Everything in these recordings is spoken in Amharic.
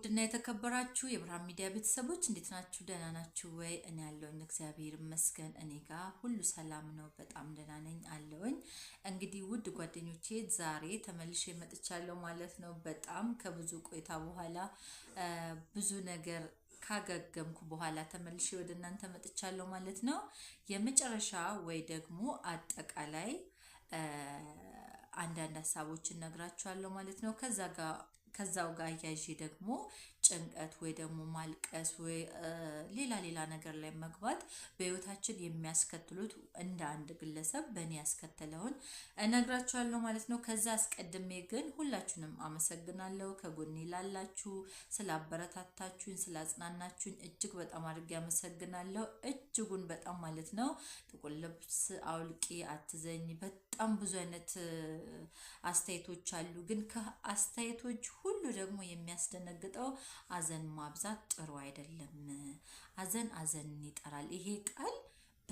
ውድና የተከበራችሁ የብርሃን ሚዲያ ቤተሰቦች እንዴት ናችሁ? ደህና ናችሁ ወይ? እኔ ያለውኝ እግዚአብሔር ይመስገን፣ እኔ ጋር ሁሉ ሰላም ነው። በጣም ደህና ነኝ አለውኝ። እንግዲህ ውድ ጓደኞቼ ዛሬ ተመልሼ መጥቻለሁ ማለት ነው። በጣም ከብዙ ቆይታ በኋላ ብዙ ነገር ካገገምኩ በኋላ ተመልሼ ወደ እናንተ መጥቻለሁ ማለት ነው። የመጨረሻ ወይ ደግሞ አጠቃላይ አንዳንድ ሀሳቦችን ነግራችኋለሁ ማለት ነው። ከዛ ጋር ከዛው ጋር እያዥ ደግሞ ጭንቀት ወይ ደግሞ ማልቀስ ወይ ሌላ ሌላ ነገር ላይ መግባት በህይወታችን የሚያስከትሉት እንደ አንድ ግለሰብ በእኔ ያስከተለውን እነግራችኋለሁ ማለት ነው። ከዛ አስቀድሜ ግን ሁላችሁንም አመሰግናለሁ። ከጎኔ ላላችሁ፣ ስላበረታታችሁኝ፣ ስላጽናናችሁኝ እጅግ በጣም አድርጌ አመሰግናለሁ። እጅጉን በጣም ማለት ነው። ጥቁር ልብስ አውልቂ፣ አትዘኝ በጣም ብዙ አይነት አስተያየቶች አሉ። ግን ከአስተያየቶች ሁሉ ሁሉ ደግሞ የሚያስደነግጠው አዘን ማብዛት ጥሩ አይደለም። አዘን አዘን ይጠራል። ይሄ ቃል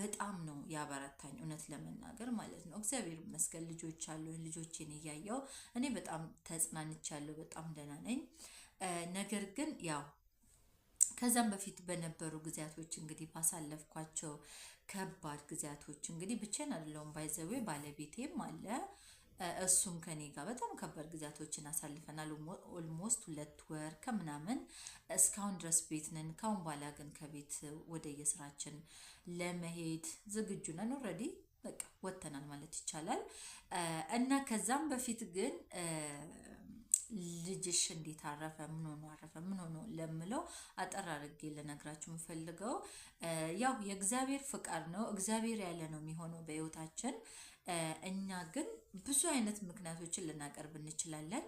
በጣም ነው ያበረታኝ፣ እውነት ለመናገር ማለት ነው። እግዚአብሔር ይመስገን ልጆች አሉ። ልጆችን እያየው እኔ በጣም ተጽናንቻለሁ። በጣም ደህና ነኝ። ነገር ግን ያው ከዛም በፊት በነበሩ ጊዜያቶች እንግዲህ ባሳለፍኳቸው ከባድ ጊዜያቶች እንግዲህ ብቻዬን አይደለሁም። ባይዘዌ ባለቤቴም አለ እሱም ከኔ ጋር በጣም ከባድ ጊዜያቶችን አሳልፈናል። ኦልሞስት ሁለት ወር ከምናምን እስካሁን ድረስ ቤት ነን። ካሁን በኋላ ግን ከቤት ወደ የስራችን ለመሄድ ዝግጁ ነን። ኦልሬዲ በቃ ወተናል ማለት ይቻላል እና ከዛም በፊት ግን ልጅሽ እንዴት አረፈ? ምን ሆኖ አረፈ? ምን ሆኖ ለምለው አጠር አድርጌ ልነግራችሁ የምፈልገው ያው የእግዚአብሔር ፍቃድ ነው። እግዚአብሔር ያለ ነው የሚሆነው በህይወታችን እኛ ግን ብዙ አይነት ምክንያቶችን ልናቀርብ እንችላለን።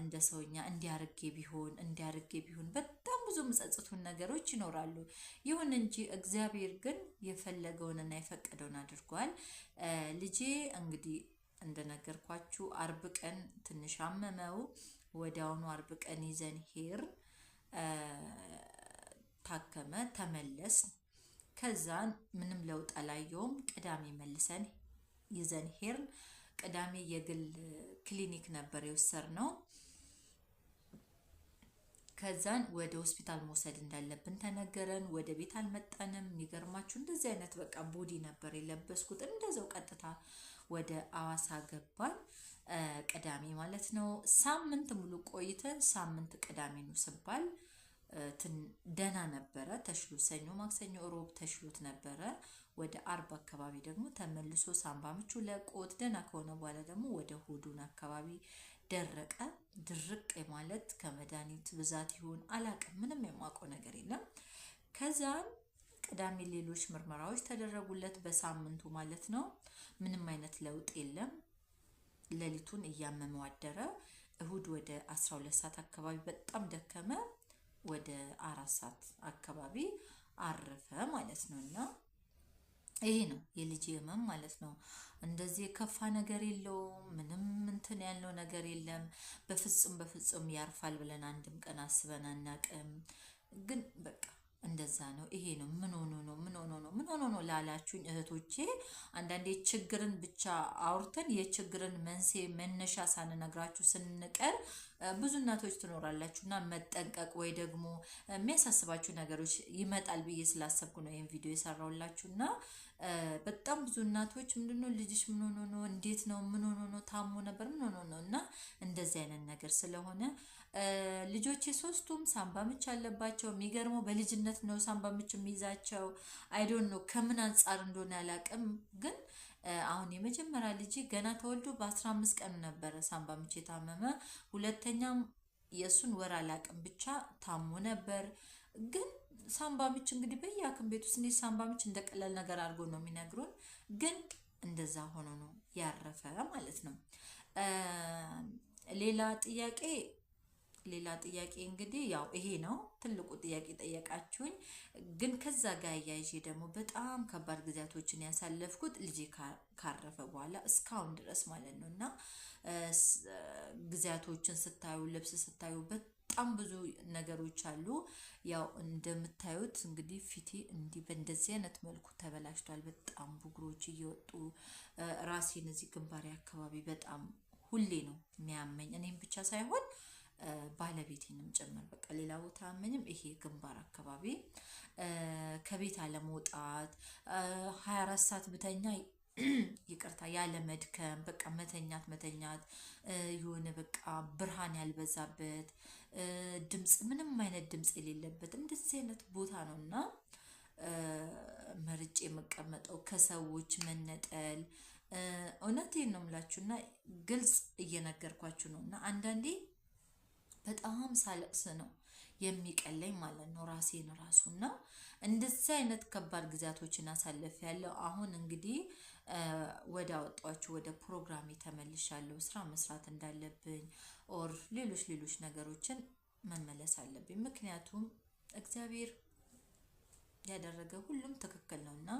እንደ ሰውኛ እንዲያርጌ ቢሆን እንዲያርጌ ቢሆን በጣም ብዙ ምጸጽቱን ነገሮች ይኖራሉ። ይሁን እንጂ እግዚአብሔር ግን የፈለገውንና የፈቀደውን አድርጓል። ልጄ እንግዲህ እንደነገርኳችሁ አርብ ቀን ትንሽ አመመው። ወዲያውኑ አርብ ቀን ይዘን ሄር ታከመ፣ ተመለስ። ከዛን ምንም ለውጥ አላየውም። ቅዳሜ መልሰን ይዘን ሄርን። ቅዳሜ የግል ክሊኒክ ነበር የወሰድነው። ከዛን ወደ ሆስፒታል መውሰድ እንዳለብን ተነገረን። ወደ ቤት አልመጣንም። የሚገርማችሁ እንደዚህ አይነት በቃ ቦዲ ነበር የለበስኩት። እንደዛው ቀጥታ ወደ አዋሳ ገባን፣ ቅዳሜ ማለት ነው። ሳምንት ሙሉ ቆይተን ሳምንት ቅዳሜ ነው ስባል ደህና ነበረ። ተሽሎ ሰኞ፣ ማክሰኞ፣ ሮብ ተሽሎት ነበረ። ወደ አርብ አካባቢ ደግሞ ተመልሶ ሳምባ ምቹ ለቆት ደህና ከሆነ በኋላ ደግሞ ወደ ሆዱን አካባቢ ደረቀ ድርቅ ማለት ከመድኃኒት ብዛት ይሁን አላቅም፣ ምንም የማውቀው ነገር የለም። ከዛም ቅዳሜ ሌሎች ምርመራዎች ተደረጉለት በሳምንቱ ማለት ነው። ምንም አይነት ለውጥ የለም። ሌሊቱን እያመመው አደረ። እሁድ ወደ 12 ሰዓት አካባቢ በጣም ደከመ። ወደ አራት ሰዓት አካባቢ አረፈ ማለት ነው እና ይሄ ነው የልጅ ህመም ማለት ነው። እንደዚህ የከፋ ነገር የለውም። ምንም እንትን ያለው ነገር የለም። በፍጹም በፍጹም ያርፋል ብለን አንድም ቀን አስበን አናቅም። ግን በቃ እንደዛ ነው። ይሄ ነው። ምን ሆኖ ነው? ምን ሆኖ ነው? ምን ሆኖ ነው ላላችሁኝ እህቶቼ፣ አንዳንዴ ችግርን ብቻ አውርተን የችግርን መንስኤ መነሻ ሳንነግራችሁ ስንቀር ብዙ እናቶች ትኖራላችሁ እና መጠንቀቅ ወይ ደግሞ የሚያሳስባችሁ ነገሮች ይመጣል ብዬ ስላሰብኩ ነው ይህን ቪዲዮ የሰራውላችሁ እና በጣም ብዙ እናቶች ምንድነው ልጅሽ ምን ሆኖ ነው? እንዴት ነው? ምን ሆኖ ነው? ታሞ ነበር? ምን ሆኖ ነው? እና እንደዚህ አይነት ነገር ስለሆነ ልጆቼ ሶስቱም ሳምባ ምች አለባቸው። የሚገርመው በልጅነት ነው ሳምባ ምች የሚይዛቸው። አይዶን ነው ከምን አንጻር እንደሆነ ያላቅም ግን አሁን የመጀመሪያ ልጅ ገና ተወልዶ በ15 ቀኑ ነበረ ሳምባ ምች የታመመ። ሁለተኛም የእሱን ወር አላቅም ብቻ ታሞ ነበር። ግን ሳምባ ምች እንግዲህ በየሐኪም ቤት ውስጥ እንዴት ሳምባ ምች እንደ ቀላል ነገር አድርጎ ነው የሚነግሩን። ግን እንደዛ ሆኖ ነው ያረፈ ማለት ነው። ሌላ ጥያቄ ሌላ ጥያቄ እንግዲህ ያው ይሄ ነው ትልቁ ጥያቄ ጠየቃችሁኝ። ግን ከዛ ጋር እያይዤ ደግሞ በጣም ከባድ ጊዜያቶችን ያሳለፍኩት ልጄ ካረፈ በኋላ እስካሁን ድረስ ማለት ነው እና ጊዜያቶችን ስታዩ ልብስ ስታዩ በጣም ብዙ ነገሮች አሉ። ያው እንደምታዩት እንግዲህ ፊቴ እንዲህ በእንደዚህ አይነት መልኩ ተበላሽቷል። በጣም ብጉሮች እየወጡ ራሴን እዚህ ግንባሬ አካባቢ በጣም ሁሌ ነው የሚያመኝ እኔም ብቻ ሳይሆን ባለቤቴንም ጭምር በቃ ሌላ ቦታ ምንም ይሄ ግንባር አካባቢ ከቤት አለመውጣት ሀያ አራት ሰዓት ብተኛ ይቅርታ ያለ መድከም በቃ መተኛት መተኛት የሆነ በቃ ብርሃን ያልበዛበት ድምፅ ምንም አይነት ድምፅ የሌለበት እንደዚህ አይነት ቦታ ነው እና መርጬ የምቀመጠው ከሰዎች መነጠል እውነቴን ነው የምላችሁ እና ግልጽ እየነገርኳችሁ ነው እና አንዳንዴ በጣም ሳለቅስ ነው የሚቀለኝ ማለት ነው ራሴን ራሱ እና እንደዚህ አይነት ከባድ ጊዜያቶችን አሳለፍ ያለው አሁን እንግዲህ ወደ አወጧችሁ ወደ ፕሮግራም ተመልሻለሁ። ስራ መስራት እንዳለብኝ ኦር ሌሎች ሌሎች ነገሮችን መመለስ አለብኝ። ምክንያቱም እግዚአብሔር ያደረገ ሁሉም ትክክል ነው እና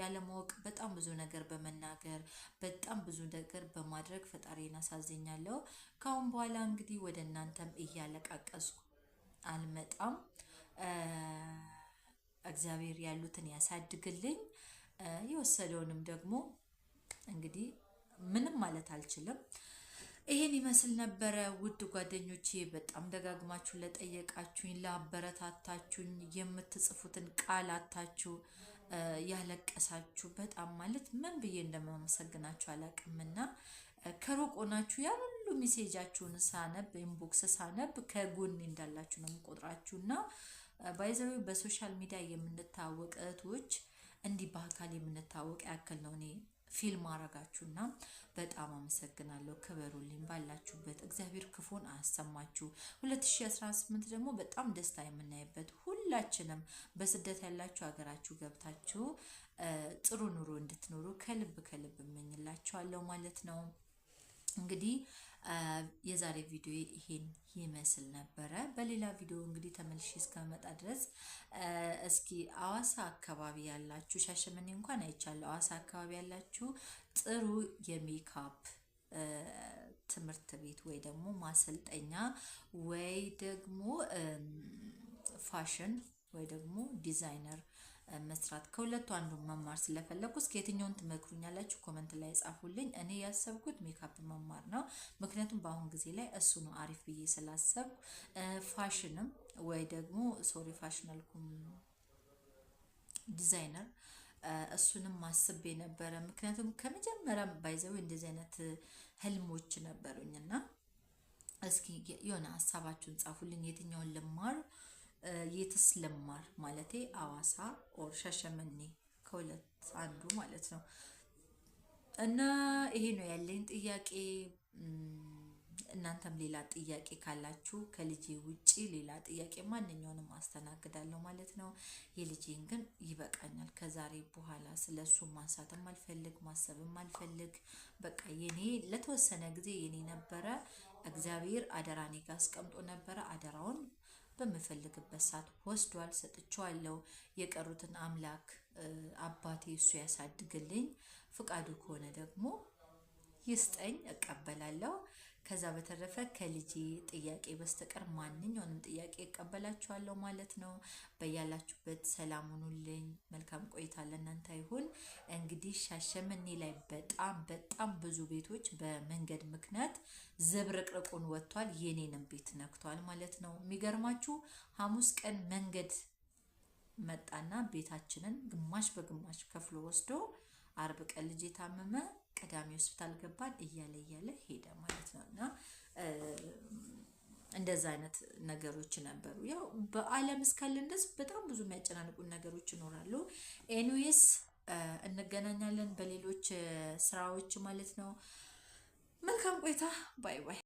ያለማወቅ በጣም ብዙ ነገር በመናገር በጣም ብዙ ነገር በማድረግ ፈጣሪን አሳዝኛለሁ። ካሁን በኋላ እንግዲህ ወደ እናንተም እያለቃቀሱ አልመጣም። እግዚአብሔር ያሉትን ያሳድግልኝ፣ የወሰደውንም ደግሞ እንግዲህ ምንም ማለት አልችልም። ይህን ይመስል ነበረ። ውድ ጓደኞቼ በጣም ደጋግማችሁ ለጠየቃችሁኝ፣ ላበረታታችሁኝ፣ የምትጽፉትን ቃላታችሁ ያለቀሳችሁ በጣም ማለት ምን ብዬ እንደማመሰግናችሁ አላቅምና ከሩቅ ሆናችሁ ያ ሁሉ ሜሴጃችሁን ሳነብ ኢንቦክስ ሳነብ ከጎን እንዳላችሁ ነው የምቆጥራችሁና ባይዘዊ በሶሻል ሚዲያ የምንታወቅ እህቶች እንዲህ በአካል የምንታወቅ ያክል ነው እኔ ፊልም አረጋችሁና በጣም አመሰግናለሁ። ክበሩልኝ ባላችሁበት፣ እግዚአብሔር ክፉን አያሰማችሁ። 2018 ደግሞ በጣም ደስታ የምናይበት ሁላችንም በስደት ያላችሁ ሀገራችሁ ገብታችሁ ጥሩ ኑሮ እንድትኖሩ ከልብ ከልብ እመኝላችኋለሁ ማለት ነው። እንግዲህ የዛሬ ቪዲዮ ይሄን ይመስል ነበረ። በሌላ ቪዲዮ እንግዲህ ተመልሼ እስከመጣ ድረስ እስኪ አዋሳ አካባቢ ያላችሁ፣ ሻሸመኔ እንኳን አይቻለሁ። አዋሳ አካባቢ ያላችሁ ጥሩ የሜካፕ ትምህርት ቤት ወይ ደግሞ ማሰልጠኛ ወይ ደግሞ ፋሽን ወይ ደግሞ ዲዛይነር መስራት ከሁለቱ አንዱ መማር ስለፈለግኩ እስኪ የትኛውን ትመክሩኛላችሁ? ኮመንት ላይ ጻፉልኝ። እኔ ያሰብኩት ሜካፕ መማር ነው። ምክንያቱም በአሁን ጊዜ ላይ እሱ ነው አሪፍ ብዬ ስላሰብኩ፣ ፋሽንም ወይ ደግሞ ሶሪ ፋሽን አልኩም ዲዛይነር እሱንም ማስቤ ነበረ። ምክንያቱም ከመጀመሪያም ባይዘው እንደዚህ አይነት ህልሞች ነበሩኝ እና እስኪ የሆነ ሀሳባችሁን ጻፉልኝ የትኛውን ልማር የትስ ልማር ማለቴ አዋሳ ኦር ሻሸመኔ ከሁለት አንዱ ማለት ነው። እና ይሄ ነው ያለኝ ጥያቄ። እናንተም ሌላ ጥያቄ ካላችሁ ከልጄ ውጪ ሌላ ጥያቄ ማንኛውንም አስተናግዳለሁ ማለት ነው። የልጄን ግን ይበቃኛል። ከዛሬ በኋላ ስለ እሱ ማንሳትም አልፈልግ፣ ማሰብም አልፈልግ። በቃ የኔ ለተወሰነ ጊዜ የኔ ነበረ። እግዚአብሔር አደራ እኔ ጋ አስቀምጦ ነበረ አደራውን በምፈልግበት ሰዓት ወስዷል፣ ሰጥቼዋለሁ። የቀሩትን አምላክ አባቴ እሱ ያሳድግልኝ፣ ፍቃዱ ከሆነ ደግሞ ይስጠኝ፣ እቀበላለሁ። ከዛ በተረፈ ከልጄ ጥያቄ በስተቀር ማንኛውንም ጥያቄ እቀበላችኋለሁ ማለት ነው። በያላችሁበት ሰላም ሁኑልኝ። መልካም ቆይታ ለእናንተ ይሁን። እንግዲህ ሻሸመኔ ላይ በጣም በጣም ብዙ ቤቶች በመንገድ ምክንያት ዝብርቅርቁን ወጥቷል። የኔንም ቤት ነክቷል ማለት ነው። የሚገርማችሁ ሐሙስ ቀን መንገድ መጣና ቤታችንን ግማሽ በግማሽ ከፍሎ ወስዶ አርብ ቀን ልጅ የታመመ ቀዳሚ ሆስፒታል ገባን እያለ እያለ ሄደ ማለት ነው እና እንደዛ አይነት ነገሮች ነበሩ። ያው በአለም እስካለን ድረስ በጣም ብዙ የሚያጨናንቁን ነገሮች ይኖራሉ። ኤኒዌይስ እንገናኛለን በሌሎች ስራዎች ማለት ነው። መልካም ቆይታ። ባይ ባይ።